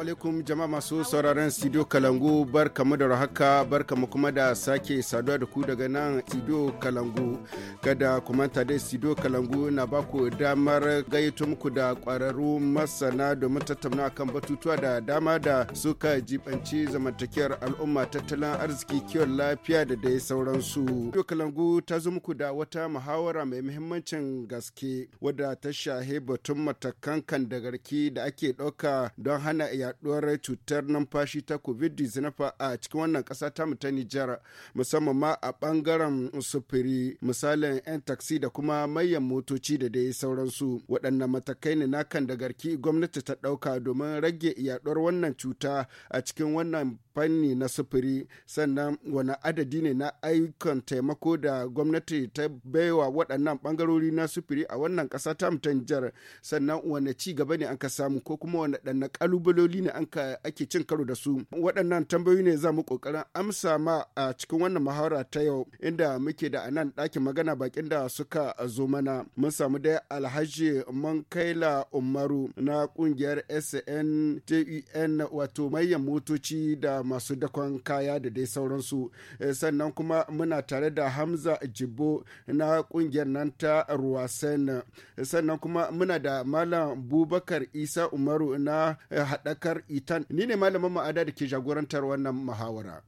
alaikum jama'a masu sauraron studio Kalangu kamu da rahaka kamu kuma da sake saduwa da ku daga nan studio Kalangu kada ku manta dai studio Kalangu na baku damar gayyato muku da kwararru masana domin tattauna akan batutuwa da dama da suka jibanci zamantakiyar al'umma tattalin arziki kiwon lafiya da dai sauransu. Studio Kalangu ta zo muku da wata muhawara mai muhimmancin gaske wadda ta shahe batun matakan kan da garki da ake ɗauka don hana iyalai yaduwar cutar numfashi ta covid-19 a cikin wannan kasa ta mu ta Nijar musamman ma a bangaren sufuri misalin 'yan taksi da kuma manyan motoci da dai sauransu waɗannan matakai ne na kan da garki gwamnati ta ɗauka domin rage yaduwar wannan cuta a cikin wannan fanni na sufuri sannan wani adadi ne na ayyukan taimako da gwamnati ta baiwa waɗannan ɓangarori na sufuri a wannan ƙasa ta mutanjar sannan wani ci gaba ne an ka samu ko kuma wani ɗanna ƙalubaloli ne an ka ake cin karo da su waɗannan tambayoyi ne za mu ƙoƙarin amsa ma a cikin wannan muhawara ta yau inda muke da anan ɗakin magana bakin da suka zo mana mun samu dai alhaji mankaila umaru na ƙungiyar sntun e wato mayan motoci da masu dakon kaya da dai sauransu eh, sannan kuma muna tare da hamza jibo na kungiyar nan ta ruwasen eh, sannan kuma muna da malam bubakar isa umaru na eh, haɗakar itan ni ne malamin ma'ada da ke jagorantar wannan muhawara.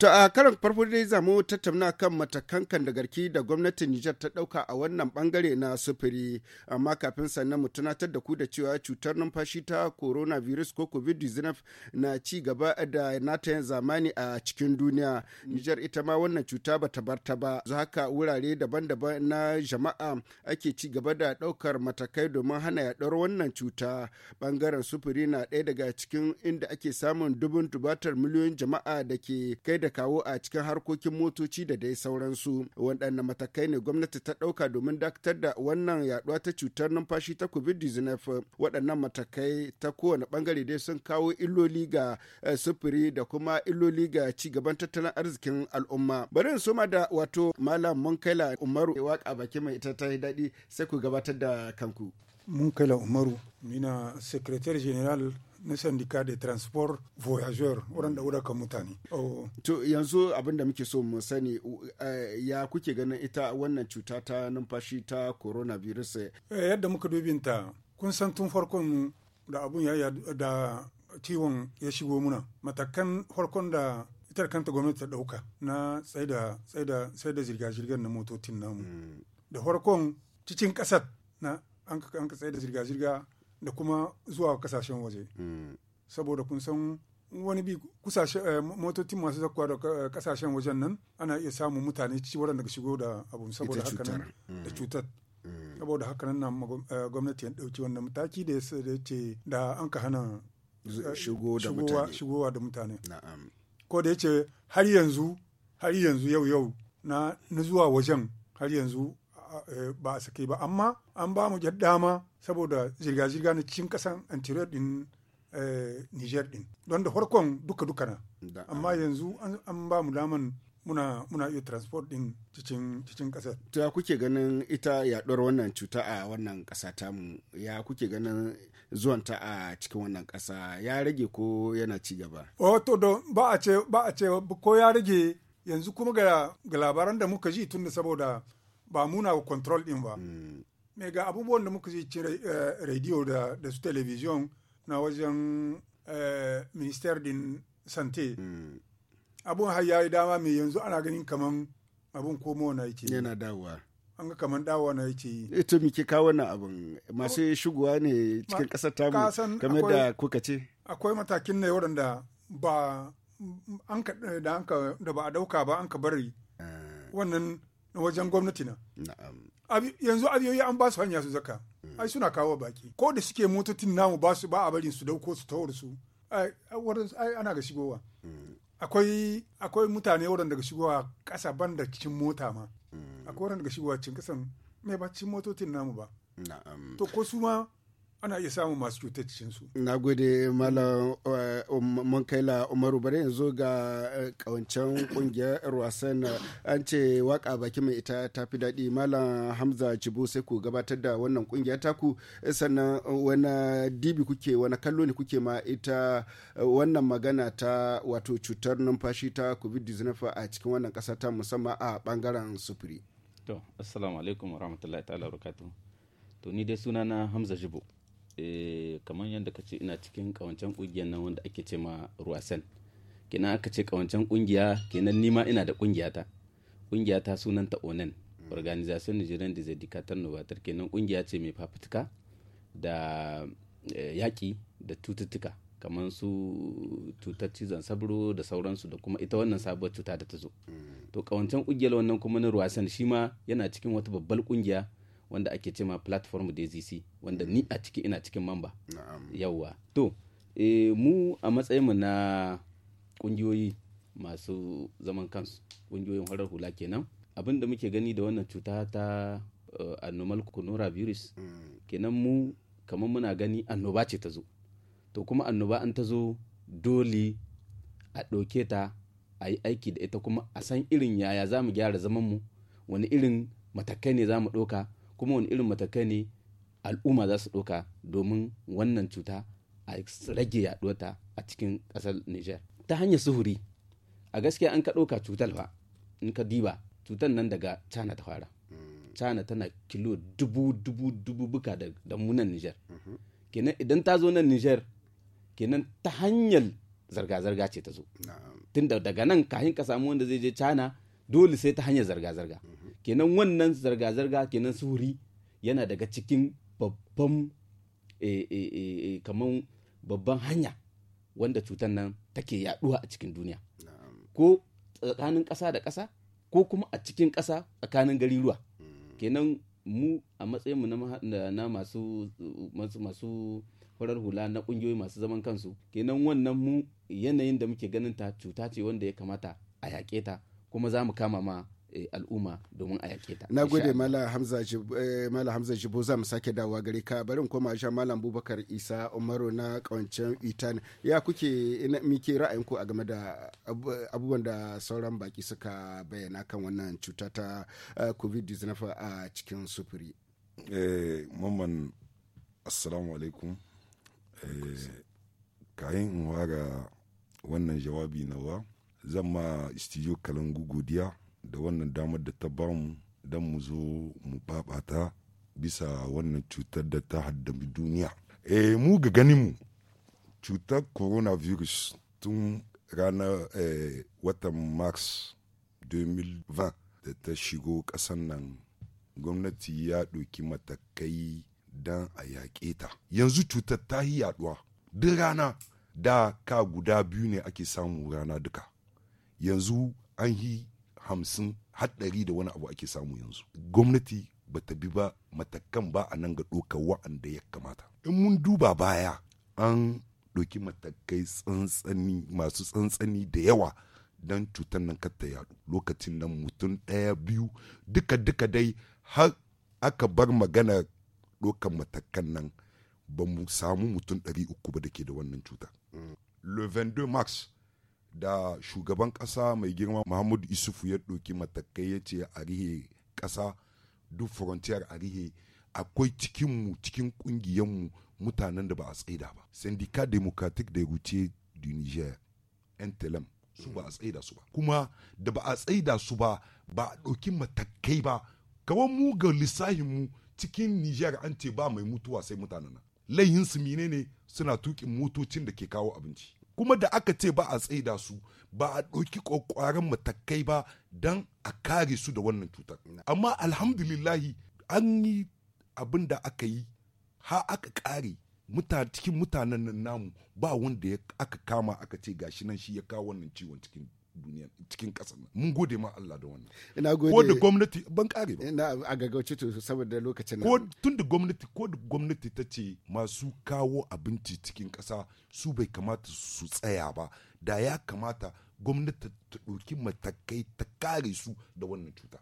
To a karan farko dai zamu tattauna kan matakan kan da garki da gwamnatin Nijar ta dauka a wannan bangare na sufuri amma kafin sannan mu tunatar da ku da cewa cutar numfashi ta coronavirus ko covid-19 na ci gaba da nata yin zamani a cikin duniya. Nijar ita ma wannan cuta bata barta ba. za haka wurare daban-daban na jama'a ake ci gaba da daukar matakai domin hana yaduwar wannan cuta. Bangaren sufuri na ɗaya daga cikin inda ake samun dubun tubatar miliyoyin jama'a da ke kai da kawo a cikin harkokin motoci da dai sauransu waɗanne matakai ne gwamnati ta ɗauka domin dakatar da wannan yaɗuwa ta cutar numfashi ta covid-19 waɗannan matakai ta kowane bangare dai sun kawo illoli ga eh, sufuri da kuma illoli ga ci gaban tattalin arzikin al'umma bari in soma da wato malam munkaila umaru waka baki mai ita ta yi daɗi sai ku gabatar da kanku munkaila umaru mina secretary general na sandika da transport voyageur waɗanda kan mutane. Oh. To yanzu abin da muke so mu sani eh, ya kuke ganin ita wannan cuta ta numfashi ta coronavirus. Eh, yadda muka dubinta kun san tun farkon da abun ya da ciwon ya shigo muna matakan farkon da ita kanta gwamnati ta ɗauka na tsaida da zirga-zirgar na motocin namu mm. da farkon cikin ƙasar na an ka da zirga-zirga da kuma zuwa kasashen waje mm. saboda kun san wani bi eh, motoci masu zakwa da eh, kasashen wajen nan ana iya samun mutane ci daga shigo da abu saboda haka nan mm. da cutar mm. saboda haka nan na eh, gwamnati ya ɗauki wannan mataki da ya ce da an ka hana shigowa da mutane ko da ya ce har yanzu har yanzu yau yau na zuwa wajen har yanzu Eh, ba a sake ba amma an ba mu dama saboda zirga-zirga na cikin kasan anterior din eh, niger din don da farkon duka-duka na amma yanzu an ba mu daman muna muna iya transport din cikin cikin kasar. Ta kuke ganin ita yaɗuwar wannan cuta a wannan ta mu ya kuke ganin zuwan ta a cikin wannan ƙasa ya rage ko yana ci gaba? Oh to don ba a ce ba a ce ko ya rage yanzu kuma ga, ga labaran da muka ji tun da saboda ba muna wa control din ba mm. me ga abubuwan da muka ci eh, radio da, da su television na wajen eh, minister din sante mm. abun har ya yi dama mai yanzu ana ganin kaman abun komo na yake yana dawowa an ga kaman dawowa na yake yi ita eh, muke kawo wannan abun masu shigowa ne cikin kasar tamu kamar da kuka ce akwai matakin ne waɗanda ba an ka da ba a dauka ba an ka bari ah. wannan na wajen gwamnati na yanzu aliyoyi an ba su hanya su zaka ai suna kawo baki ko da suke motocin namu ba su ba a barin su dauko su tawar su ai ana ga shigowa akwai akwai mutane waɗanda ga shigowa ƙasa da cikin mota ma mm. akwai waɗanda ga shigowa cikin kasan mai ba cikin motocin namu ba to ko su ma ana iya samun masu cutar cikin su. Na gode Malam eh, um, Munkaila Umaru bari yanzu ga kawancen eh, kungiyar wasan an ce waka baki mai ita ta fi daɗi Malam Hamza Jibo sai ku gabatar da wannan kungiya taku eh, sannan wani dibi kuke wani kallo ne kuke ma ita wannan magana ta wato cutar numfashi ta COVID-19 a cikin wannan ƙasa ta musamman a bangaren sufuri. To, assalamu alaikum wa rahmatullahi ta'ala wa to ni dai sunana Hamza Jibo. Eh, kamar yadda ka ce ina cikin kawancen kungiyar nan wanda ake ce ma ruwasan kenan aka ce kawancen kungiya kenan nima ina da kungiyata sunan sunanta onan organization nigerian da zedicatar novatar kenan kungiya ce mai fafutuka da eh, yaƙi da cututtuka kamar su cutar cizon sabro da sauransu da kuma ita wannan sabuwar cuta da ta zo mm. to kawancen kungiyar wannan kuma na ruwasan shi ma yana cikin wata babbar kungiya wanda ake cema platform zc wanda ni a ciki ina cikin mamba yawwa to eh, mu a matsayin mu na kungiyoyi masu zaman kansu kungiyoyin horar hula kenan abin da muke gani da wannan cuta ta uh, eh, annomal virus mm. kenan mu kamar muna gani annoba ce ta zo to kuma annoba an ta zo dole a ɗauke ta a yi aiki da ita kuma a san irin yaya za mu gyara mu wani irin matakai ne za mu ɗauka kuma wani irin matakai ne al'umma za su ɗauka domin wannan cuta a rage yaɗuwarta a cikin ƙasar Nijar. ta hanyar suhuri a gaskiya an ka ɗauka cutar fa in ka diba cutar nan daga china ta fara china tana kilo dubu dubu dubu buka da munan Nijar mhm. kenan idan ta zo nan Nijar kenan ta hanyar zarga-zarga ce ta zo tun daga nan kahin ka samu wanda zai je cana dole sai ta hanyar zarga-zarga mhm. kenan wannan zarga-zarga kenan suhuri yana daga cikin babban eh, eh, eh, kaman babban hanya wanda cutar nan take yaduwa a cikin duniya ko tsakanin ƙasa da ƙasa ko kuma a cikin ƙasa tsakanin gariruwa hmm. kenan mu a matsayinmu na masu farar hula na ƙungiyoyi masu zaman kansu kenan wannan mu yanayin da muke ganin ta cuta ce wanda ya kamata a yaƙe ta kuma za mu kama ma Eh, al'umma domin a yake ta. Na gode Mala eh, Hamza Jibo za mu sake dawowa gare ka barin koma sha Malam Bubakar Isa Umaru na kawancen Itan ya kuke mike ra'ayinku a game da abubuwan da sauran baki suka bayyana kan wannan cuta ta eh, COVID-19 a cikin sufuri. Mamman Assalamu alaikum. Kayan in wara wannan jawabi nawa zan ma studio kalangu godiya da wannan damar da ta ba mu don mu zo mu babata bisa wannan cutar da ta haddabi duniya e mu ga ganinmu cutar coronavirus tun ranar eh, watan mars 2020 da ta shigo ƙasan nan gwamnati ya ɗauki matakai don a yaƙe ta yanzu cutar ta yi yaɗuwa duk rana da ka guda biyu ne ake samu rana duka yanzu an yi hamsin haɗari da wani abu ake samu yanzu gwamnati ba ta bi ba matakan ba a nan ga ɗaukar wa'anda ya kamata in mun duba baya an ɗauki matakai tsantsani masu tsantsani da yawa don cutar nan ta yaɗu lokacin nan mutum ɗaya biyu duka duka dai har aka bar magana ɗaukar matakan nan ba mu samu mutum ɗari uku ba da ke da wannan cuta. le 22 mars da shugaban kasa mai girma Muhammadu Isufu ya ɗauki matakai ya ce a rihe ƙasa duk frontier a rihe akwai cikinmu cikin ƙungiyarmu mutanen da ba a tsaida ba. Syndicat Democratic de Routier du Niger, NTLM, su ba a tsaida su ba. Kuma da ba a tsaida su ba ba a ɗauki matakai ba kawai mu ga lissahinmu cikin Niger an ce ba mai mutuwa sai mutanen nan. Laihinsu ne suna tuƙin motocin da ke kawo abinci. kuma da aka ce ba a tsaida su ba a ɗauki ƙwaƙwaran matakai ba don a kare su da wannan cutar amma alhamdulillahi an yi abin da aka yi ha aka kare cikin mutanen namu ba wanda aka kama aka ce gashi nan shi ya kawo wannan ciwon cikin duniya cikin ƙasar nan mun gode ma Allah da wannan ina gode ko da gwamnati ban kare ba ina a gagauci to saboda lokacin ko tun da gwamnati ko da gwamnati ta ce masu kawo abinci cikin ƙasa su bai kamata su tsaya ba da ya kamata gwamnati ta ɗauki matakai ta kare su da wannan cuta.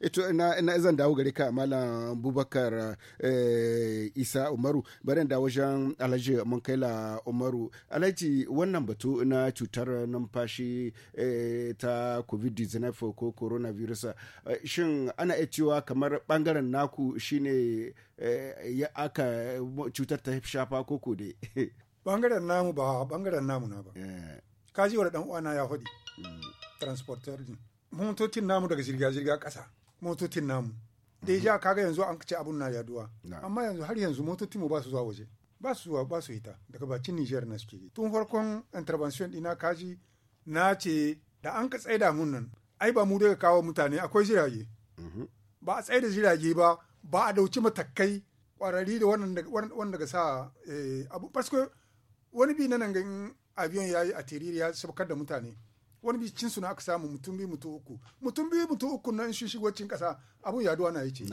ito eh, na na zan dawo gare ka malam bubakar eh, isa umaru bari da wajen alhaji la umaru alhaji wannan batu na cutar numfashi e, ta covid-19 ko coronavirus e, shin ana iya cewa kamar bangaren naku shine ya aka cutar ta shafa koko dai bangaren namu ba bangaren namu na ba yeah. ka ji wa dan uwana ya faɗi transporter din motocin namu daga zirga zirga ƙasa motocin namu Da deja mhm. kaga yanzu an ce abun na yaduwa amma yanzu har yanzu motocin mu ba su zuwa waje ba su zuwa ba su hita daga bakin Niger na suke tun farkon intervention dina kaji na ce da an ka tsaida mun nan ai ba mu daga kawo mutane akwai jirage mhm. ba a tsaida jirage ba ba a dauci matakai kwararri da wannan daga sa eh, abu wani bi na nan aviyon ya yi a ya sabkar da mutane wani bi cin suna aka samu mutum biyu mutum uku mutum biyu mutum uku nan shi shigo cikin kasa abun duwa na yace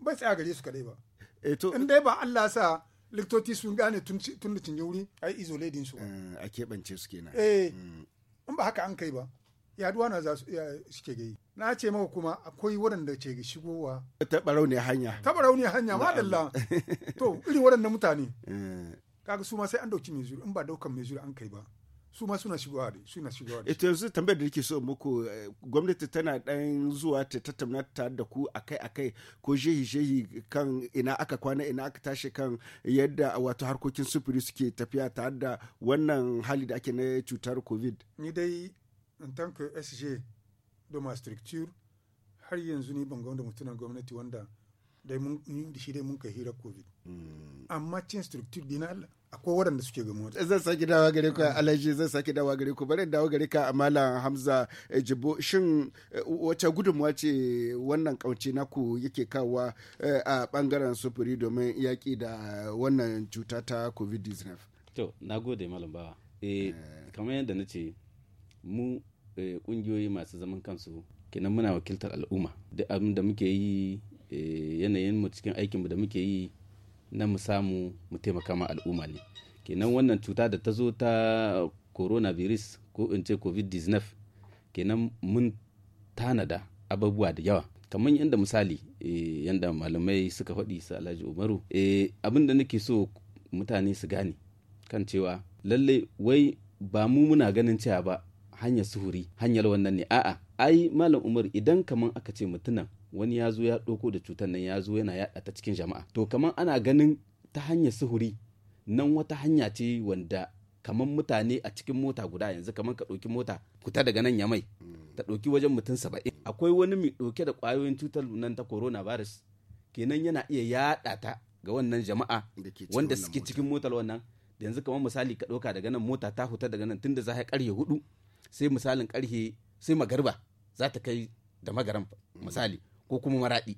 bai tsaya gare su kadai ba eh, in dai ba Allah sa liktoci sun gane tun da cinye wuri a yi izole din su eh, a keɓance su kenan eh hmm. in ba haka an kai ba duwa na za su shike gai na ce maka kuma akwai waɗanda ce shigowa ta barau ne hanya ta barau ne hanya madalla to irin waɗanda mutane eh. kaga su ma sai an dauki mezuri in ba daukan mezuri an kai ba su ma suna shigowa da suna shigowa da ita yanzu tambayar da nake so muku eh, gwamnati tana dan zuwa ta tattauna tare da ku akai akai ko jehi jehi kan ina aka kwana ina aka tashi kan yadda wato harkokin sufuri suke tafiya tare da wannan hali da ake na cutar covid ni dai in tanka sj ma structure har yanzu ni ban ga wanda mutumin gwamnati wanda dai mun da shi dai mun kai hira covid hmm. amma cin structure din Allah akwai waɗanda suke ga motsi. Zan sake dawa gare ku Alhaji zan sake dawa gare ku bari dawa gare ka Malam Hamza eh, Jibo shin eh, wace gudunmuwa ce wannan kauce naku yake kawa eh, a bangaren sufuri domin yaƙi da wannan cuta ta COVID-19? To, na gode Malam Bawa. kamar yadda na ce mu ƙungiyoyi masu zaman kansu kenan muna wakiltar al'umma da muke yi Eh, yanayin mu cikin aikin mu da muke yi na mu samu mu taimaka ma al'umma ne kenan wannan cuta da ta zo ta coronavirus ko in ce covid-19 kenan mun tanada abubuwa da yawa kamar yadda misali eh, yadda malamai suka faɗi su alhaji umaru eh, abin da nake so mutane su gane kan cewa lallai wai ba mu muna ganin cewa ba hanyar suhuri hanyar wannan ne a'a ai malam umar idan kamar aka ce mutunan wani ya zo ya ɗauko da cutar nan ya zo yana yaɗa ta cikin jama'a to kamar ana ganin ta hanyar suhuri nan wata hanya ce wanda kaman mutane a cikin mota guda yanzu kamar ka ɗauki mota kuta daga nan ya mai ta ɗauki wajen mutum saba'in akwai wani mai ɗauke da ƙwayoyin cutar nan ta coronavirus kenan yana iya yaɗa ta ga wannan jama'a wanda suke cikin motar wannan yanzu kamar misali ka ɗauka daga nan mota ta huta daga nan tunda za yi ƙarhe hudu sai misalin ƙarhe sai magarba za ta kai da magaran misali ko kuma maraɗi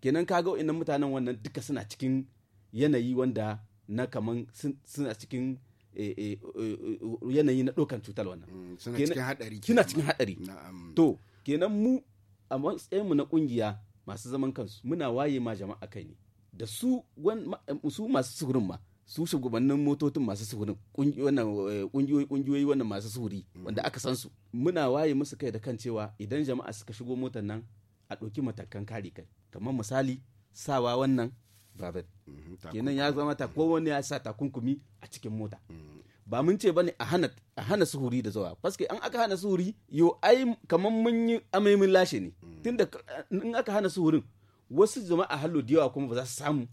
kenan kaga wa'annan mutanen wannan duka suna cikin yanayi wanda na kaman suna cikin eh, eh, eh, yanayi na ɗaukan cutar wannan mm, suna cikin haɗari suna cikin haɗari to kenan mu a matsayinmu na ƙungiya masu zaman kansu muna waye ma jama'a kai ne da su su masu suhurin ma su shugabannin motocin masu suhurin ƙungiyoyi ƙungiyoyi wannan masu suhuri wanda mm. aka san su muna waye musu kai da kan cewa idan jama'a suka shigo motar nan a ɗauki matakan kare kai kamar misali sawa wannan babet mhm, kenan ya zama ta kowane ya sa takunkumi a cikin mota mhm. ba mun ce bane a hana a hana suhuri da zawa paske an aka hana suhuri yo ai kamar mun yi amai mun lashe ne mhm. tunda eh, in aka hana suhurin wasu jama'a hallo da yawa kuma ba za su samu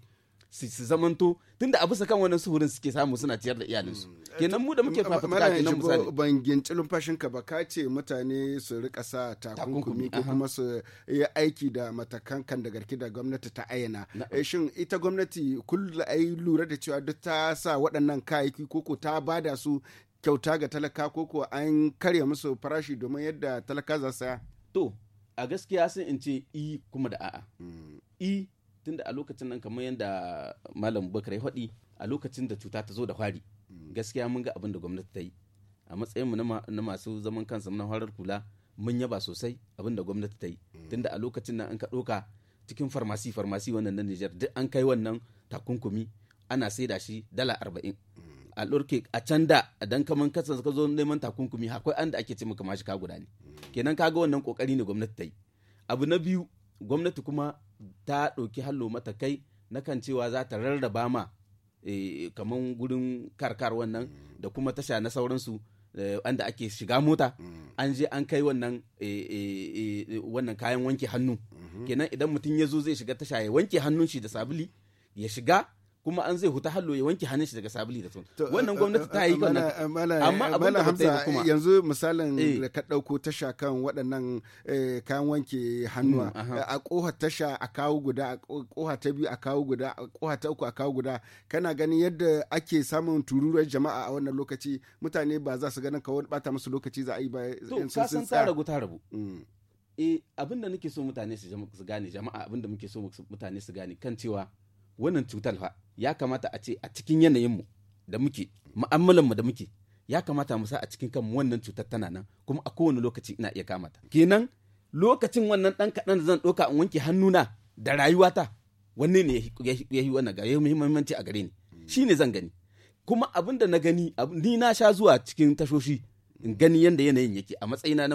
su zamanto tunda a bisa kan wannan suhurin suke samu suna ciyar da iyalinsu mm, eh, kenan mu da muke fafutuka kenan misali ban ginci lumfashin ka ba ka ce mutane su rika sa takunkumi ko kuma su yi aiki da matakan kan da garki da gwamnati ta ayyana eh, shin ita gwamnati kullu ai lura da cewa duk ta sa waɗannan kayayyaki ko ta bada su kyauta ga talaka ko an karya musu farashi domin yadda talaka za saya to a gaskiya sun in ce i kuma da a'a mm. i tunda a lokacin nan kamar yadda malam bakar ya faɗi a lokacin da cuta ta zo da fari gaskiya mun ga abin da gwamnati ta yi a matsayin mu na masu zaman kansu na harar kula mun yaba sosai abin da gwamnati ta yi tunda a lokacin nan an ka ɗoka cikin farmasi farmasi wannan na Nijar duk an kai wannan takunkumi ana saida shi dala arba'in a lurke a can da a dan kaman kasa ka zo neman takunkumi akwai an da ake ce maka mashi ka guda ne kenan kaga wannan kokari ne gwamnati ta yi abu na biyu gwamnati kuma ta ɗauki hallo mata kai na kan cewa za ta rarraba ma eh, kamar gurin karkar wannan da kuma tasha na sauransu eh, wanda ake shiga mota mm. an je an kai wannan eh, wannan kayan wanke hannu mm-hmm. kenan idan mutum ya zo zai shiga tasha ya wanke hannun shi da sabuli ya shiga kuma an zai huta hallo ya wanke hannun shi daga sabuli da tun wannan eh, gwamnati eh, ta yi eh, wannan amma abin da hamza kuma yanzu misalin da ka dauko tasha kan waɗannan kayan wanke hannuwa mm, a kohar tasha a kawo guda a kohar ta biyu a kawo guda a kohar ta uku a kawo guda kana ganin yadda ake samun tururuwar jama'a a wannan lokaci mutane ba za su ganin kawai bata musu lokaci za a yi ba to ka san ta ragu ta mm. rabu eh abin da nake so mutane su gane jama'a abin da muke so mutane su gane kan cewa wannan cutar fa ya kamata a ce a cikin yanayinmu da muke mu da muke ya kamata mu sa a cikin kanmu wannan cutar tana nan kuma a kowane lokaci ina iya kamata kenan lokacin wannan dan kaɗan da zan ɗauka in wanke hannuna da rayuwata wanne ne ya yi wannan gare muhimmanci a gare ni shi ne zan gani kuma abin da na gani ni na sha zuwa cikin tashoshi in gani yadda yanayin yake a matsayina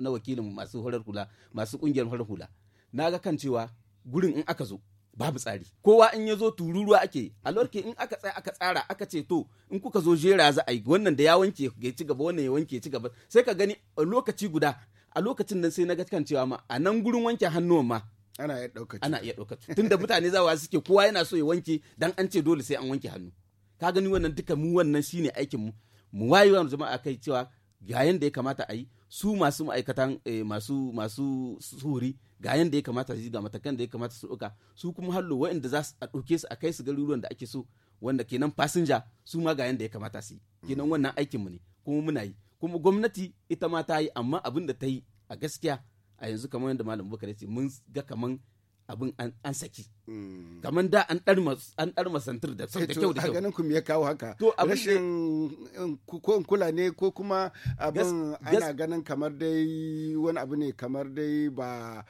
na wakilin masu horar hula masu ƙungiyar horar hula na ga kan cewa gurin in aka zo babu tsari kowa in ya zo tururuwa ake a lorke in aka tsaya aka tsara aka ce to in kuka zo jera za a yi wannan da ya wanke ya ci gaba wannan ya wanke ya ci gaba sai ka gani a lokaci guda a lokacin nan sai na ga kan cewa ma a nan gurin wanke hannuwa ma ana iya ɗaukar ana iya ɗaukar tunda mutane zawa suke kowa yana so ya wanke dan an ce dole sai an wanke hannu ka gani wannan duka mu wannan shine aikin mu mu wayewa jama'a kai cewa ga yanda ya kamata a yi su masu ma'aikatan eh, masu masu suri ga yanda ya kamata su ga matakan da ya kamata su ɗauka su kuma hallo waɗanda za su a ɗauke su a kai su garuruwan da ake so wanda kenan fasinja su ma ga yanda ya kamata su yi kenan wannan aikin mu ne kuma muna yi kuma gwamnati ita ma ta yi amma abin da ta yi a gaskiya a yanzu kamar yadda malam bukari ce mun ga kaman abin an saki mm. kamar da an dar masantar da sau da eh, kyau da kyau ganin kuma ya kawo haka rashin ko kula ne ko kuma abin ana ganin kamar dai wani abu ne kamar dai ba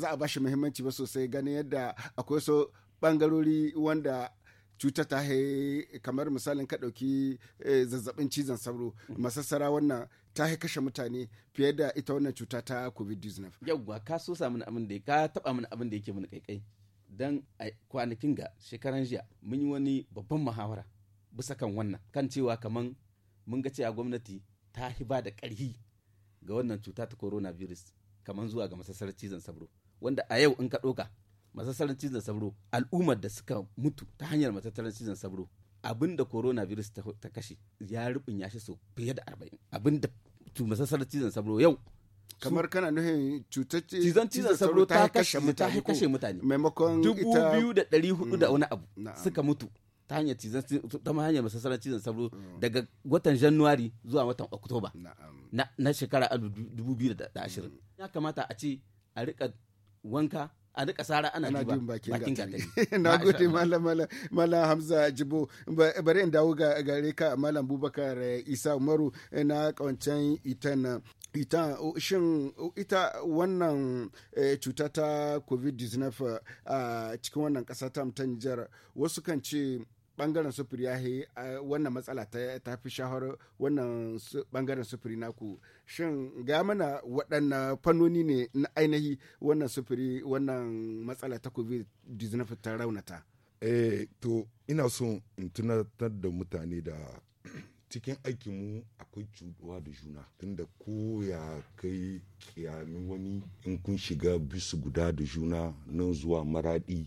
za a bashi muhimmanci ba sosai ganin yadda akwai so bangarori wanda cuta ta kamar misalin ka ɗauki eh, zazzabin cizon sauro mm. masassara wannan ta kashe mutane fiye da ita wannan cuta ta covid-19 yauwa ka so sa mini abin da ka taba mini abin da yake mini kaikai a kwanakin ga shekaran jiya mun yi wani babban muhawara bisa kan wannan kan cewa kaman mun ga cewa gwamnati ta ba da karhi ga wannan cuta ta coronavirus kaman zuwa ga masassarar cizon sabro wanda a yau in ka ɗauka masassarar cizon sabro al'ummar da suka mutu ta hanyar masassarar cizon sabro abin da coronavirus ta kashe ya rubin ya shi so fiye da arba'in abin da masasar cizon sauro yau kamar kana nufin cutar cizon cizon sauro ta kashe mutane kashe mutane maimakon dubu biyu da ɗari hudu da mm. wani abu suka mutu ta hanyar cizon ta hanyar masasar cizon sauro mm. daga watan januari zuwa watan oktoba na shekara dubu biyu da ashirin mm. ya kamata a ce a rika wanka a duka sara ana duba bakin gatari na gode malam malam hamza jibo bari in dawo ga gare ka malam bubakar eh, isa umaru eh, na kawancen itan ita shin ita wannan eh, cuta ta covid-19 a cikin wannan ƙasa ta jihar wasu kan ce bangaren sufuri ya yi wannan matsala ta fi shahar wannan bangaren sufuri naku shin ga mana waɗannan fannoni ne na ainihi wannan sufuri wannan matsala ta covid-19 ta raunata eh to ina so in tunatar da mutane da cikin aikinmu akwai cuɗuwa da juna tunda ko ya kai kiyami wani in kun shiga bisu guda da juna nan zuwa maradi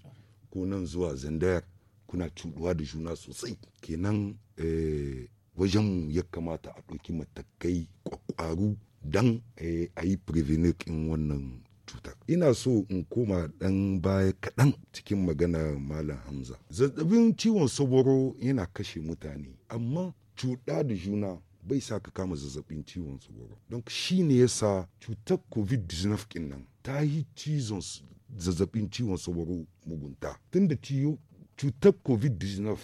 ko nan zuwa zandar kuna cuɗuwa da juna sosai kenan eh, wajenmu ya kamata a ɗauki matakai ƙwaƙwaru don eh, a yi prevenir in wannan cutar ina so in koma ɗan baya kaɗan cikin magana malam hamza zazzabin ciwon saboro yana kashe mutane amma cuɗa da juna bai sa ka kama zazzabin ciwon saboro don shi ne ya sa cutar covid-19 nan ta yi cizon zazzabin ciwon saboro mugunta tun ciwo cutar covid-19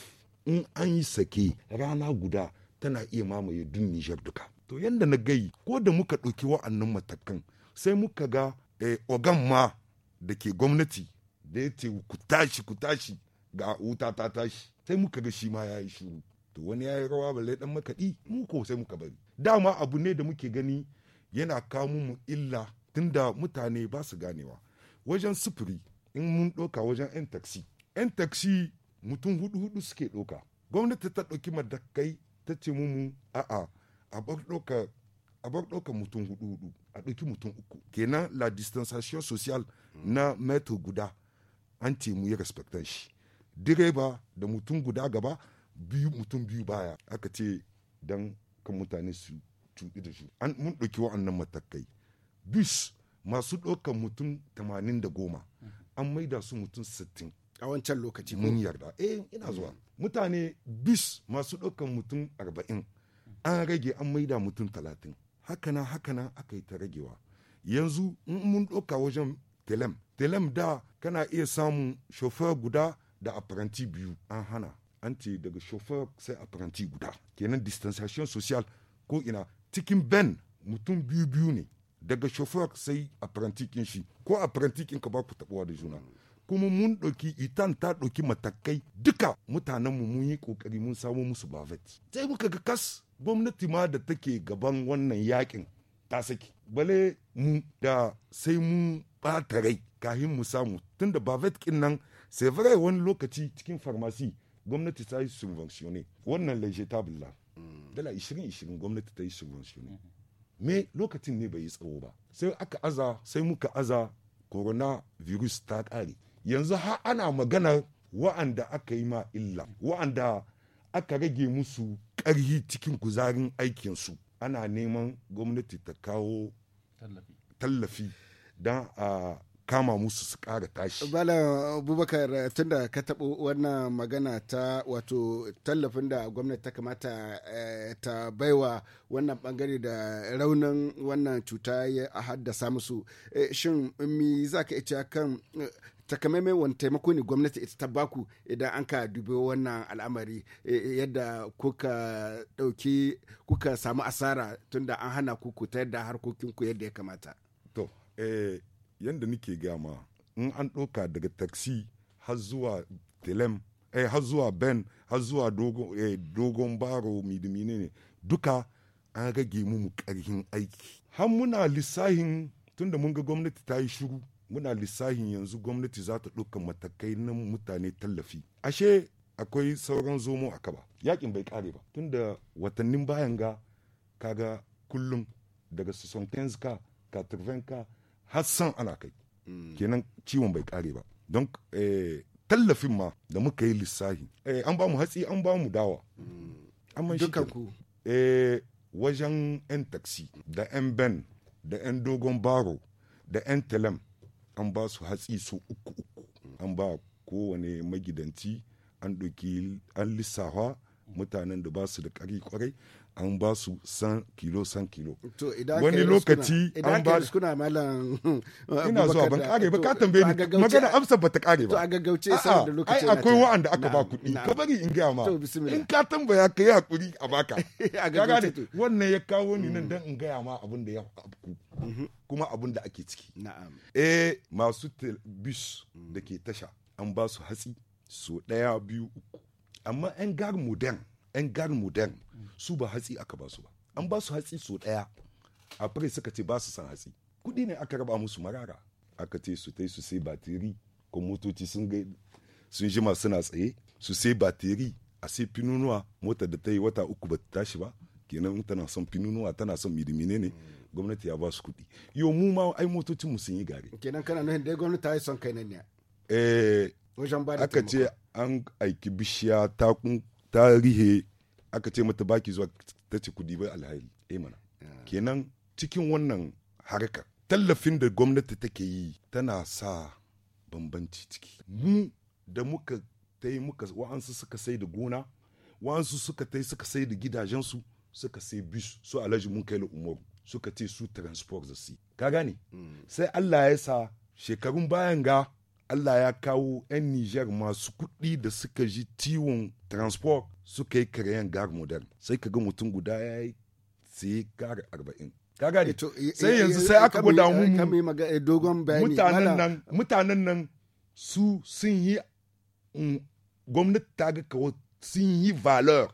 in an yi sake rana guda tana iya mamaye dun nijar duka to yadda na gai ko da muka ɗauki wa'annan matakan sai muka ga eh, ogan ma da ke gwamnati da ya ce ku tashi ku tashi ga wuta ta tashi sai muka ga shi ma ya yi shuru to wani ya yi rawa balle dan makaɗi mu ko sai muka bari dama abu ne da muke gani yana kawo mu illa tunda mutane ba su ganewa wajen sufuri in mun ɗauka wajen 'yan taksi 'yan taksi mutum hudu hudu suke ɗauka gwamnati ta ɗauki madakai ta ce mumu a'a a bar mutum hudu hudu a ɗauki mutum uku kenan la distanciation social na metro guda an ce mu ya respectan shi direba da mutum guda gaba biyu mutum biyu baya aka ce dan kan mutane su cuɗi da shi an mun ɗauki wa'annan matakai bis masu ɗaukar mutum tamanin da goma an maida su mutum sittin a wancan lokaci mun hmm. yarda eh ina zuwa hmm. mutane bis masu ɗaukan mutum arba'in an rage an maida mutum talatin hakana hakana aka yi ta ragewa yanzu mun ɗauka wajen telem telem da kana iya samun shofar guda da apprenti biyu an hana an ce daga shofar sai apprenti guda kenan distanciation social ko ina cikin ben mutum biyu biyu ne daga shofar sai apprenti kin shi ko apprenti kin ka ba ku tabuwa da juna kuma mun ɗauki itan ta ɗauki matakai duka mutanenmu mun yi ƙoƙari mun samo musu bavet sai muka ga kas gwamnati ma da take gaban wannan yakin ta saki bale mu da sai mun ɓata rai kahin mu samu tunda bavet kin nan sai wani lokaci cikin farmasi gwamnati ta yi subventionne wannan lejetabula dala 20-20 gwamnati ta yi subventionne me lokacin ne bai yi tsawo ba sai aka aza sai muka aza corona virus ta ƙare yanzu ha ana magana wa'anda aka yi ma illa wa'anda aka rage musu ƙarhi cikin kuzarin aikinsu ana neman gwamnati ta kawo tallafi don a kama musu su ƙara tashi. Bala Abubakar tunda ka taɓo wannan magana ta wato tallafin da gwamnati ta kamata eh, ta baiwa wannan bangare da raunin wannan cuta ya haddasa musu. Eh, shin mi za ka iya kan eh, takamaiman wani taimako ne gwamnati ita ta baku idan an ka dubi wannan al'amari e, e, yadda kuka dauki kuka samu asara tunda an hana ku ku tayar da harkokin ku yadda ya kamata to eh yanda nake gama in an ɗauka daga taxi har zuwa telem eh har zuwa ben har zuwa dogon eh, dogon baro midimine ne duka an rage mu karhin aiki har muna lissahin tunda mun ga gwamnati ta yi shiru muna lissahin yanzu gwamnati za ta ɗauka matakai na mutane tallafi ashe akwai sauran zomo a kaba yakin bai kare ba Tun da watannin bayan ga kaga kullum daga 75 ka har ana kai mm. kenan ciwon bai kare ba don eh, tallafin ma da muka yi lissahi eh, an ba mu hatsi an ba mu dawa mm. eh, wajen 'yan taksi da 'yan ben da 'yan dogon baro da 'yan telem an ba su hatsi su uku uku an ba kowane magidanci an ɗauki an lissafa mutanen da ba su da ƙari kwarai an ba su 100 kilo 100 kilo wani lokaci an ba su kuna malam ina zuwa ban kare ba ka tambaye ni magana amsa ba ta kare ba to a gaggauce sai da lokaci ai akwai wa'anda aka ba kuɗi ka bari in ga ma in ka tambaya ka yi hakuri a baka kaga ne wannan ya kawo ni nan mm. dan in ga ma abin da ya afku mm-hmm. kuma abin da ake ciki na'am eh masu bus mm. da ke tasha an ba su hatsi so daya biyu uku amma an gar modern 'yan gan modern su ba hatsi aka ba su ba an ba su hatsi so daya a fare suka ce ba su san hatsi kudi ne aka raba musu marara aka ce su tai su sai batiri ko motoci sun ga sun jima suna tsaye su sai batiri a sai pinunuwa mota da ta yi wata uku ba ta tashi ba kenan tana son pinunuwa tana son mirimine ne gwamnati ya ba su kudi yo mu ma ai motocin mu sun yi gare kenan kana nuhin dai gwamnati ta yi son kai nan ne eh wajen ba da aka ce an aiki bishiya ta ta rihe aka ce mata baki zuwa ta ce kudi bai alhali eh kenan cikin wannan harkar tallafin da gwamnati take yi tana sa bambanci ciki mu da muka ta yi muka wa'ansu suka sai da gona wa'ansu suka ta suka sai da gidajensu suka sai bis su alhaji mun kai umaru suka ce su transport da su ka gane mm. sai allah ya sa shekarun bayan ga Allah ya kawo 'yan Nijar masu kuɗi da suka ji tiwon transport suka yi karyan gar model sai ka ga mutum guda ya yi sai gar arba'in. Ka gane? Eh, eh, sai eh, yanzu sai aka gwada mu mutanen nan mutanen nan su sun yi mm, gwamnati ta ga kawo sun yi valor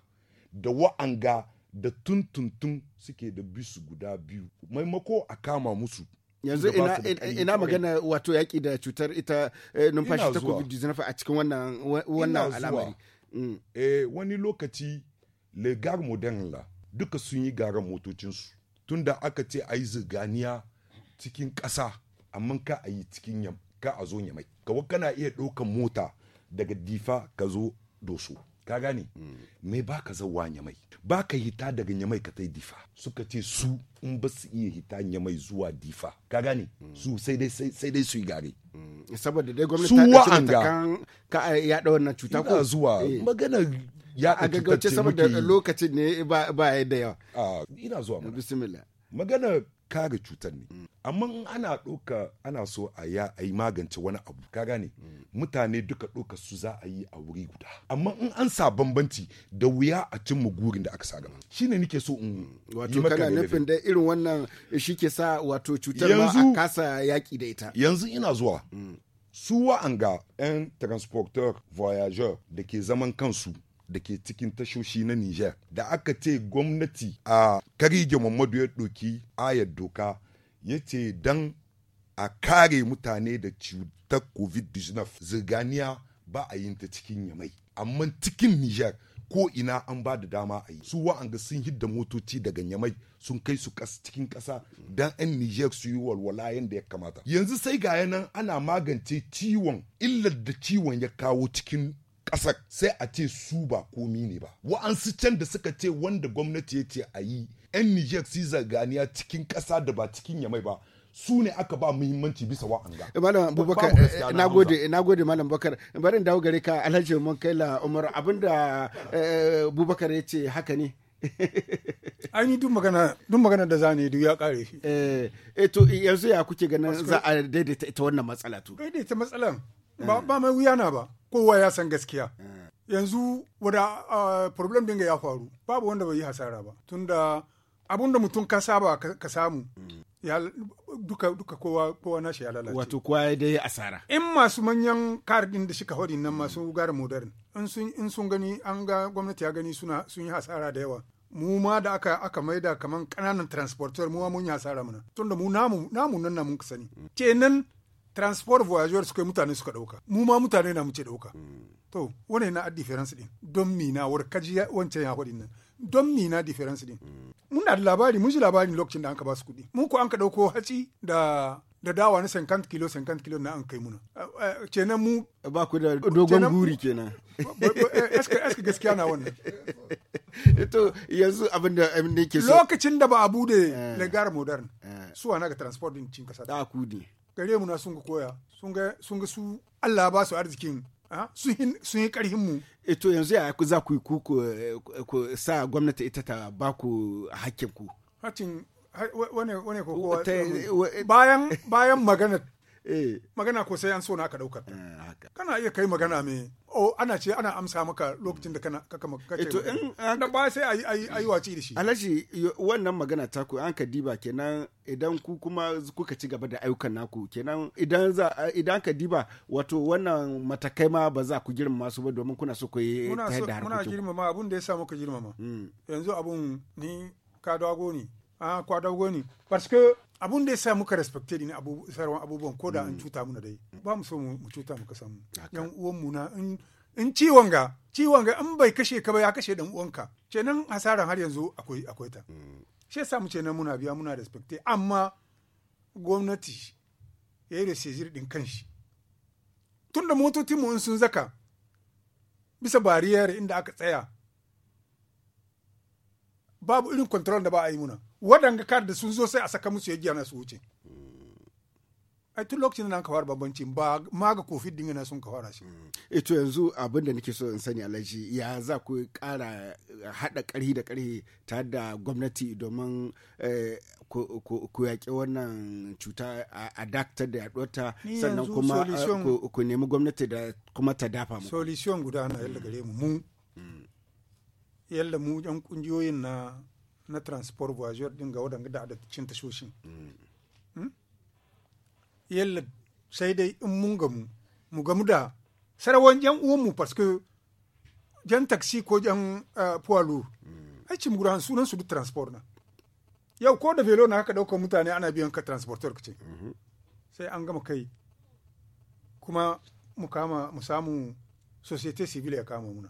da wa'anga da tuntuntun suke da bisu guda biyu maimako a kama musu yanzu ina magana wato yaƙi da cutar ita eh, numfashi ta covid-19 a cikin wannan al'amari mm. eh, wani lokaci le gar modern la duka sun yi gara motocinsu tunda aka ce a yi zirganiya cikin ƙasa amma ka a yi cikin ka a zo nyamai kawai kana iya ɗaukan mota daga difa ka zo doso ka gane me ba ka zauwa nyamai ba ka hita daga nyamai ka tai difa suka ce su in ba su iya hita nyamai zuwa difa ka gane su sai dai su yi gare mm, saboda dai gwamnati ta ce kan ka ya da wannan cuta ko zuwa eh. magana ya a gaggauce saboda lokacin ne ba ya da yawa ah, ina zuwa bismillah magana kare cutar ne amma in ana ɗauka ana so a ya a yi magance wani abu ka gane mutane duka ɗauka su za a yi a wuri guda amma in an sa bambanci da wuya a cin gurin da aka sa gaba shine nake so in wato kana nufin da irin wannan shi ke sa wato cutar ma a kasa yaƙi da ita yanzu ina zuwa mm. su wa'anga 'yan transporteur voyageur da ke zaman kansu da ke cikin tashoshi na Nijar da aka ce gwamnati a karige Muhammadu ya ɗoki ayar doka ya ce don a kare mutane da cutar covid-19 zirganiya ba a yin ta cikin yamai amma cikin Nijar ko ina an ba da dama a yi su ga sun hidda motoci daga yamai sun kai su cikin kasa. don 'yan Nijar su yi walwala yadda ya kamata yanzu sai ga nan ana magance ciwon illar da ciwon ya kawo cikin ƙasar sai a ce su ba komi ne ba wa'ansu can da suka ce wanda gwamnati ya ce a yi 'yan niger si zaganiya cikin ƙasa da ba cikin yamai ba su ne aka ba muhimmanci bisa wa'anga. Eh, Malam Abubakar eh, na gode Malam Bakar bari dawo gare ka Alhaji Munkaila Umar abinda eh, Abubakar ya ce haka ne. ai ni duk magana duk magana da zane duk ya kare shi eh to yanzu ya kuke ganin za a daidaita ita wannan matsala to daidaita matsalan ba ba mai wuya na ba kowa ya san gaskiya eh. yanzu wada problem dinga ya faru babu wanda bai yi hasara ba tunda abun da mutum ka saba ka samu hmm. ya duka duka kowa kowa nashi ya lalace wato kowa dai asara in masu manyan kar din da shika hodin nan masu hmm. gara modern in sun in sun gani an ga gwamnati ya gani suna sun yi hasara da yawa mu ma da aka aka maida kaman kananan transporter mu ma mun yi hasara muna tunda mu namu namu nan na mun sani hmm. nan transport voyageur suka mutane suka ɗauka mu ma mutane na muke ɗauka to wani na difference din don mina war kaji wancan ya nan don mina difference din mun da labari mun ji labari lokacin da an ka ba su kuɗi mun ko an ka ɗauko hatsi da da dawa na 50 kilo 50 kilo na an kai muna eh, eh, kenan mu ba ku da dogon guri kenan eh, eske gaskiya na wannan to yanzu abin da abin da yake so lokacin da ba a bude legar modern suwa na ga transport din cin kasa da ku gare mu na sun ga koya sun ga su Allah ba su arzikin sun yi karhin mu e to yanzu ya za ku yi ku eh, ku sa gwamnati ita ta ba ku hakkin ku hakkin wane wane ko eh, bayan bayan magana Eh. magana ko sai an so na ka daukar ta eh, kana iya kai magana me o ana ce ana amsa maka lokacin da kana kaka maka eh, to in da ba sai ayi ayi ayi waci da shi alashi wannan magana ta ku an ka diba kenan idan ku kuma kuka ci gaba da ayyukan naku kenan idan za idan ka diba wato wannan matakai ma ba za ku girmama su ba domin kuna so ku yi ta da harkokin muna girmama abun da ya sa muka girmama hmm. yanzu abun ni ka dago ni ah, a ka dago ni parce que abun da ya sa muka respected ne sarwan abubuwan ko da an mm. cuta muna dai ba mu so mu cuta muka samu yan uwan mu na in ciwon ga ciwon ga in bai kashe ka ba ya kashe dan uwanka kenan hasaran har yanzu akwai akwai ta mm. shi yasa mu ce nan muna biya muna respecte amma gwamnati ya yi resejir din kanshi tunda motocin mu sun zaka bisa bariyar inda aka tsaya babu irin control da ba a yi muna waɗanda kar da sun zo sai a saka musu ya na su wuce mm. ai tun lokacin da an kawar bambancin ba ma ga covid din yana sun kawara shi mm. eh to yanzu abin da nake so in sani alhaji ya za ku kara eh, hada karhi da karhi ta da gwamnati domin eh, ku yaƙi wannan cuta a daktar da yaduwarta sannan kuma eh, ku nemi gwamnati da kuma ta dafa mu solution guda na yalla gare mu mu mm. yalla mu yan kungiyoyin na na transport voyageur din ga wadanda da adadin tashoshin hmm? yalla sai dai in mun gamu mu gamu da sarawan yan uwanmu parce jan taxi ko jan eh, puwalu hmm. ai ci mugura sunan su duk transport na yau ko da velo na haka daukar mutane ana biyan ka transporter kace mhm. sai an gama kai kuma mu kama mu samu société civile ya kama muna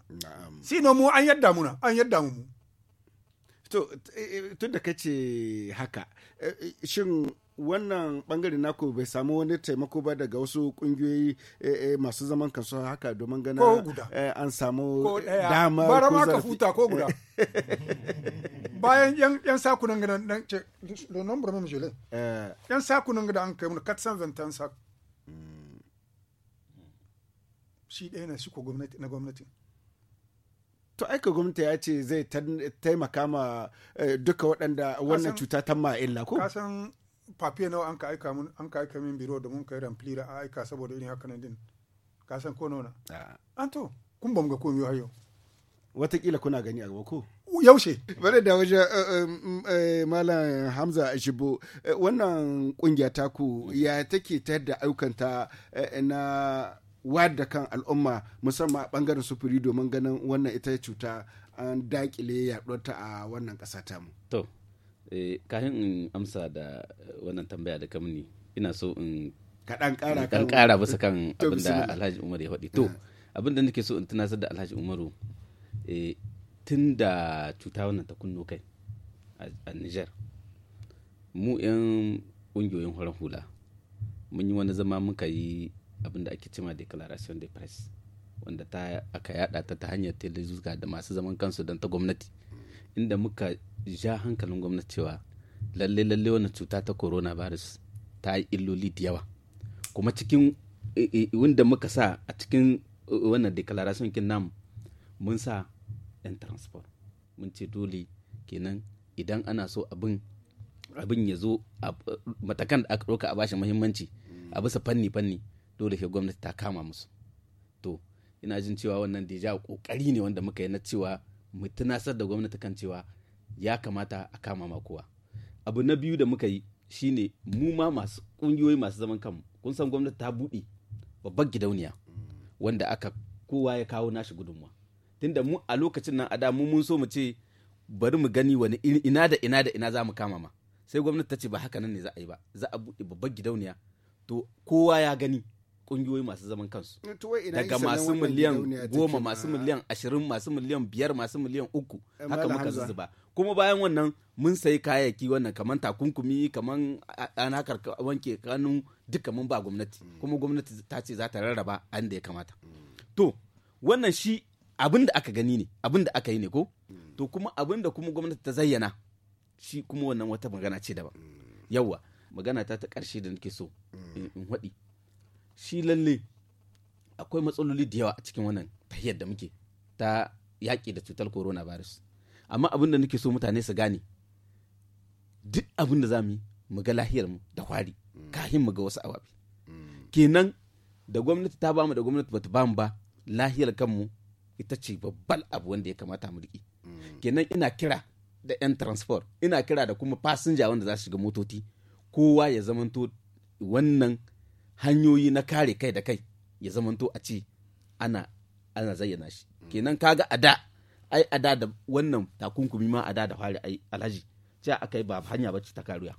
sino mu an yadda muna an yadda mu to eh, eh, tun da kace haka eh, shin wannan bangare naku bai samu wani taimako ba daga wasu kungiyoyi masu zaman kansu haka domin gana an samu dama ko zarafi ka futa ko guda bayan yan sakunan gana nan ce mai nombre yan sakunan gana an kai mun 421 sakunan shi ɗaya na shi ko gwamnati na gwamnatin to aika gwamnati ya ce zai taimaka ma eh, duka waɗanda wannan cuta ta ma illa ko kasan papiya nawa an ka aika mun an ka aika min biro da mun kai ramfili da aika saboda irin haka nan din kasan ko nona ah. an to kun mu ga komai har yau watakila kuna gani a gaba ko yaushe bare da waje eh, eh, malam hamza shibo wannan kungiya ku ya take ta da aukanta na wadda kan al'umma musamman a bangaren sufuri domin ganin wannan ita cuta an dakile yaduwarta a wannan ta mu. To, eh, kafin in amsa da eh, wannan tambaya da kamni ina so in kaɗan ƙara kan bisa kan abin da Alhaji Umar ya faɗi. To, ah. abin da nake so in tunasar da Alhaji Umaru eh, tun da cuta wannan ta kunno kai a Nijar. Mu 'yan ƙungiyoyin horon hula mun yi wani zama muka yi abinda ake cema declaration de presse wanda ta aka yada ta ta hanyar telezuka da masu zaman kansu don ta gwamnati inda muka ja hankalin gwamnati cewa lalle lalle wannan cuta ta coronavirus ta yi illoli da yawa kuma cikin wanda muka sa a cikin wannan declaration kin nam mun sa yan transport mun ce dole kenan idan ana so abin abin ya zo matakan da aka ɗauka a bashi muhimmanci a bisa fanni fanni dole ke gwamnati ta kama musu to ina jin cewa wannan deja kokari ne wanda muka yi na cewa mu tunasar da gwamnati kan cewa ya kamata a kama ma kowa abu na biyu da muka yi shine mu ma masu kungiyoyi masu zaman kanmu kun san gwamnati ta buɗe babbar gidauniya wanda aka kowa ya kawo nashi gudunmuwa tunda mu a lokacin nan a da mu mun so mu ce bari mu gani wani ina da ina da ina za mu kama ma sai gwamnati ta ce ba haka nan ne za a yi ba za a buɗe babbar gidauniya to kowa ya gani kungiyoyi masu zaman kansu daga masu miliyan goma masu ah. miliyan ashirin masu miliyan biyar masu miliyan uku eh, haka muka zuzuba kuma bayan wannan mun sayi kayayyaki wannan kamar takunkumi kaman an haka wanke kanu duka mun ba gwamnati mm. kuma gwamnati ta ce za ta rarraba an da ya kamata to wannan shi abin da aka gani ne abin da aka yi ne ko mm. to kuma abin da kuma gwamnati ta zayyana shi kuma wannan wata magana ce daban mm. yawwa magana ta ta ƙarshe da nake so in haɗi shi lalle akwai matsaloli da yawa a cikin wannan tahiyar da muke ta yaƙi da cutar coronavirus amma abin da nake so mutane su gane duk abin da za mu yi mu ga lahiyar mu da kwari kahin mu ga wasu awabi kenan da gwamnati ta bamu da gwamnati bata bamu ba lahiyar kanmu ita ce babban abu wanda ya kamata mu riƙe kenan ina kira da 'yan transport ina kira da kuma fasinja wanda za su shiga motoci kowa ya zamanto wannan hanyoyi na kare kai da kai ya zamanto a ce ana ana zayyana shi mm. kenan kaga a da ai a da wannan takunkumi ma a da fari ai alhaji cewa aka yi ba hanya ba ta karuya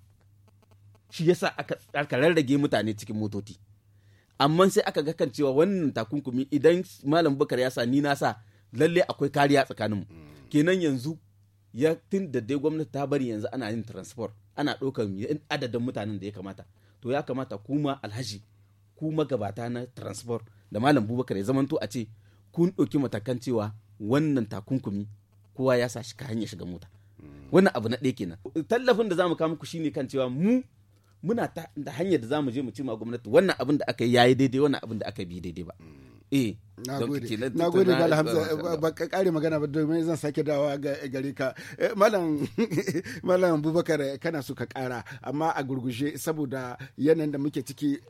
shi yasa aka aka rarrage mutane cikin motoci amma sai aka ga kan cewa wannan takunkumi idan malam bakar ya sa ni na sa lalle akwai kariya tsakanin mu mm. kenan yanzu ya tun da dai gwamnati ta bari yanzu ana yin transport ana ɗaukar adadin mutanen da ya kamata to ya kamata kuma alhaji ku magabata na transfer da malam bubakar ya zamanto a ce kun ɗauki matakan cewa wannan takunkumi kowa ya sa shi kayan ya shiga mota wannan abu na ɗaya kenan tallafin da zamu kawo muku shine kan cewa mu muna ta da hanyar da zamu je mu ci ma gwamnati wannan abin da aka yi yayi daidai wannan abin da aka bi daidai ba Eh, na gode ga alhamza ba ka kare magana ba domin zan sake dawa gare ka eh, malam malam bubakar kana so ka kara amma a gurguje saboda yanayin da muke ciki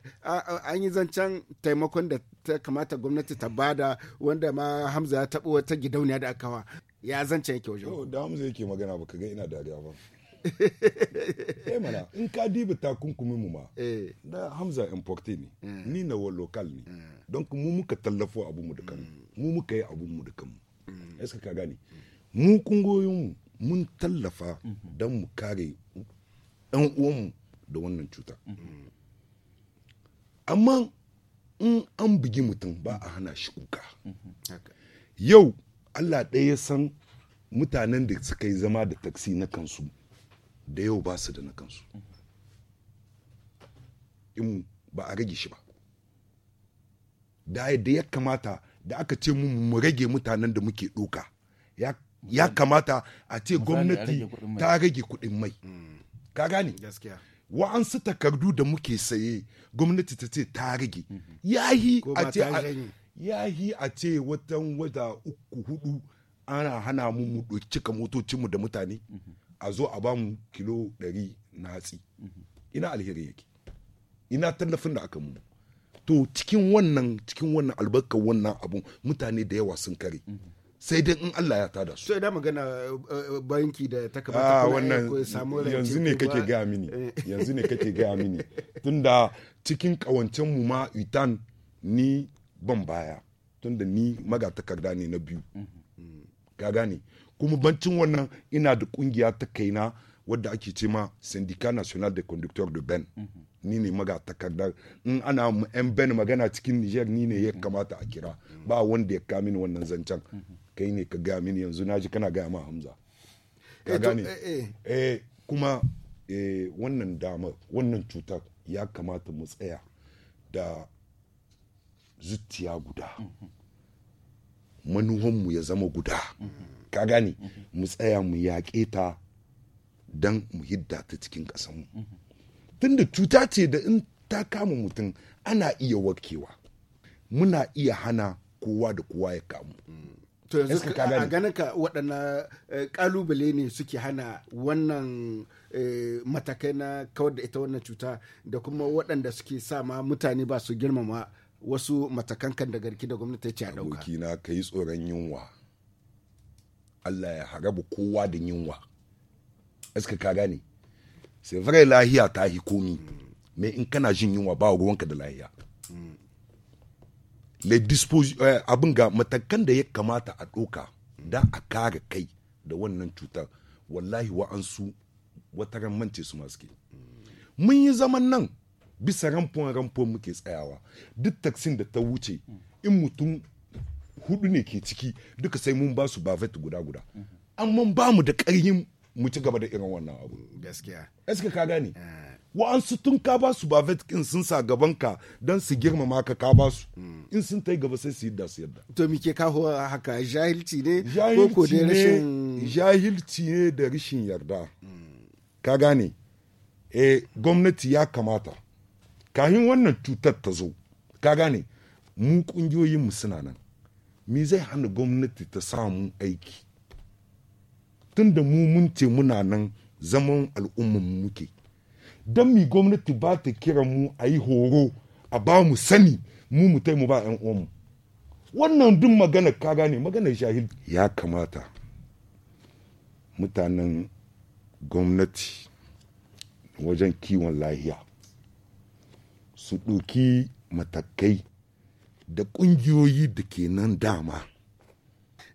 an yi zancen taimakon da ta kamata gwamnati ta bada wanda ma hamza ya taɓo wata gidauniya da aka wa ya zancen yake wajen da hamza yake magana ba ka ga ina dariya ba eh mana in ka diba takunkumin mu ma da eh. hamza importe eh. ni ni na wo local ne eh. don mu muka tallafo abu mu mm. mu muka yi abu mu est kanmu que mm. ka gani mu kungoyin mu mun tallafa mm-hmm. don mu kare ɗan uwanmu da wannan cuta mm. amma in an bugi mutum ba a hana shi kuka mm-hmm. yau allah ɗaya san mutanen da suka yi zama da taksi na kansu da yau ba su da na kansu in ba a rage shi ba da ya kamata da aka ce mu mu rage mutanen da muke ɗoka ya kamata a ce gwamnati ta rage kuɗin mai mm. ka gane wa'ansu takardu da muke saye gwamnati ta ce ta rage mm-hmm. yahi a ce yahi a ce watan wata uku hudu ana hana mu mu cika motocinmu da mutane mm-hmm. a zo a bamu kilo ɗari na hatsi ina alheri yake ina tallafin da aka mun to cikin wannan cikin wannan albarkar wannan abun mutane da yawa sun kare sai dai in Allah ya tada su. Sai da magana eh, eh, banki da ta kamata ah, wannan eh. yanzu ne kake ga mini yanzu ne kake ga mini tunda cikin kawancen mu ma itan ni ban baya tunda ni magatakarda ne na biyu mm-hmm. ka gane kuma bancin wannan ina da kungiya ta kaina wadda ake ce ma syndicat national de conducteur de ben ni ne maga takardar in ana yan ben magana cikin niger ni ne ya mm-hmm. kamata a kira ba wanda ya kamin wannan zancen mm-hmm. kai ne ka gaya mini yanzu naji kana gaya ma hamza ka eh, gane eh, eh. kuma wannan damar wannan cutar ya kamata mu tsaya da zuciya guda mm-hmm. manuhanmu ya zama guda ka gani mu tsaya mu yaƙe ta don mu hidda ta cikin ƙasanmu tunda cuta ce da in ta kama mutum ana iya warkewa muna iya hana kowa da kowa ya kamu to yanzu a ganin ka waɗannan kalubale eh, ne suke hana wannan eh, matakai na kawar da ita wannan cuta da kuma waɗanda suke sa ma mutane ba su girmama wasu matakan kan da garki da gwamnati ya ce a ɗauka abokina ka yi tsoron yunwa Allah ya haraba kowa da yunwa iska ka gane sai vrai lahiya ta hi komi me in kana jin yunwa ba ruwanka da lahiya le eh, abin ga matakan da ya kamata a ɗauka da a kare kai da wannan cutar wallahi su wata mance su masu suke mun yi zaman nan bisa ramfon ramfon muke tsayawa duk taksin da ta wuce in mutum hudu ne ke ciki duka sai mun ba su bavet guda guda amma ba mu da karyin mu ci gaba da irin wannan abu gaskiya eske ka gane eh. wa'ansu tun ka ba su bavet kin sun sa gaban ka don su girmama ka ka ba su hmm. in sun tai gaba sai su yadda su yadda to mike ka kawo haka jahilci ne ko da rashin jahilci ne da rashin yarda hmm. ka gane eh gwamnati ya kamata kahin wannan cutar ta zo ka gane mu kungiyoyin mu suna nan me zai hana gwamnati ta samu aiki tunda mu mun ce muna nan zaman al'umman muke don mi gwamnati ba ta kira mu a yi horo a ba mu sani mu mu mu ba 'yan uwanmu wannan duk magana ka gane magana shahil ya kamata mutanen gwamnati wajen kiwon lahiya su ɗoki matakai da ƙungiyoyi da ke nan dama.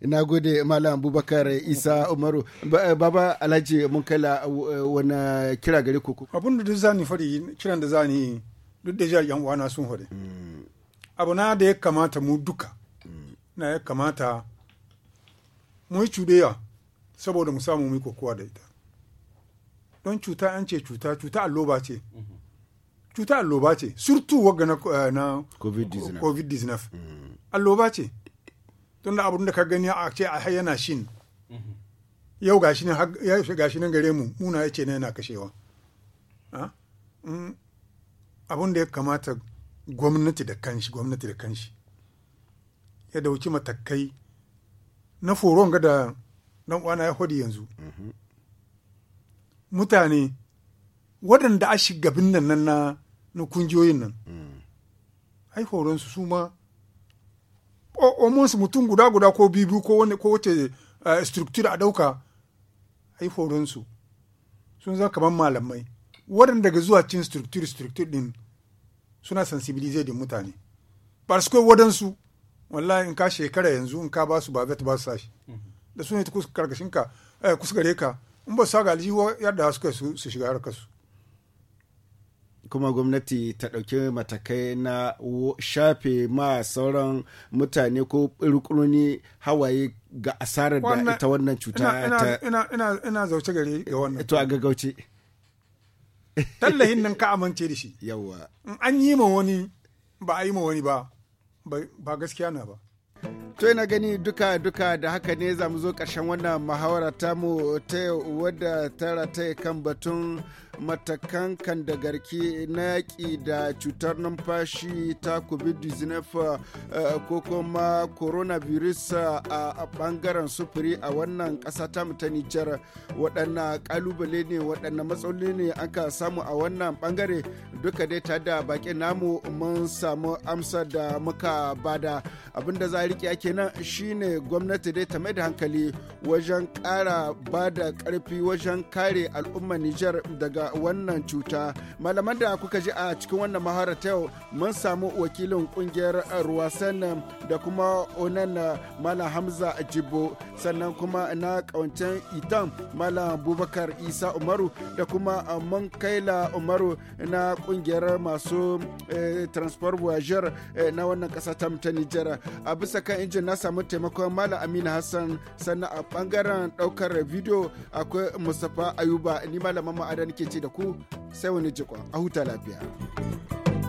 Ina gode malam abubakar isa umaru eh, baba alhaji mun kala eh, wani kira gare ku Abin da za ni fari kiran da ni duk da jihar yan uwana sun hore mm. abu na da ya kamata mu duka mm. na ya kamata mu yi cudeya saboda mu samu mu kokowa da ita don cuta an ce cuta cuta alloba ce mm. cuta alloba ce surtout wagga na, eh, covid-19 COVID mm. alloba ce tun da abin da ka gani a ce a yana shin yau gashi nan nan gare mu muna ya ce na yana kashewa ah? mm. abin da ya kamata gwamnati da kanshi gwamnati da kanshi ya dauki matakai na foron ga da dan uwana ya hodi yanzu -hmm. mutane waɗanda a shigabin nan nan na na kungiyoyin nan hmm. ai horonsu su ma su mutum guda guda ko bibu ko wani ko wace eh, structure a ɗauka ai horonsu sun za kamar malamai waɗanda daga zuwa cin structure structure din suna sensibilize da mutane ba su kai waɗansu wallahi in ka shekara yanzu in ka ba su ba zata ba su sashi hmm. da su ne ta kusa karkashin ka eh, kusa gare ka in ba su sa ga aljihu yadda su kai su shiga harkar su kuma gwamnati ta ɗauki matakai na shafe ma sauran mutane ko rukunoni hawaye ga asarar da ita wannan cuta ina zauce gare ga wannan to a gaggauce tallahin nan ka amince da shi yawa an yi ma wani ba a yi ma wani ba ba gaskiya na ba To yana gani duka-duka da haka ne za mu zo ƙarshen wannan muhawara mu ta wadda tara ta kan batun matakan kan da garki na yaƙi da cutar numfashi ta covid-19 eh, ko kuma coronavirus eh, a ɓangaren sufuri a wannan ƙasa ta mu ta nijar waɗannan ƙalubale ne waɗannan matsaloli ne an ka samu a wannan ɓangare duka dai ta da baƙin namu mun samu amsa da muka bada abinda za a riƙe ake kenan shine gwamnati dai ta mai da hankali wajen kara ba da ƙarfi wajen kare al'umma Nijar daga wannan cuta. Malaman da kuka ji a cikin wannan mahara ta yau mun samu wakilin ƙungiyar Ruwasan da kuma Onan Malam Hamza Jibo sannan kuma na kawancen Itan Malam Abubakar Isa Umaru da kuma mun kaila Umaru na ƙungiyar masu eh, transport voyager eh, na wannan ƙasa ta Nijar. A bisa kan talabijin na samu taimakon mala Amina Hassan sannan a bangaren daukar video akwai Mustapha Ayuba ni malaman ma'adani ke ce da ku sai wani jikon a huta lafiya.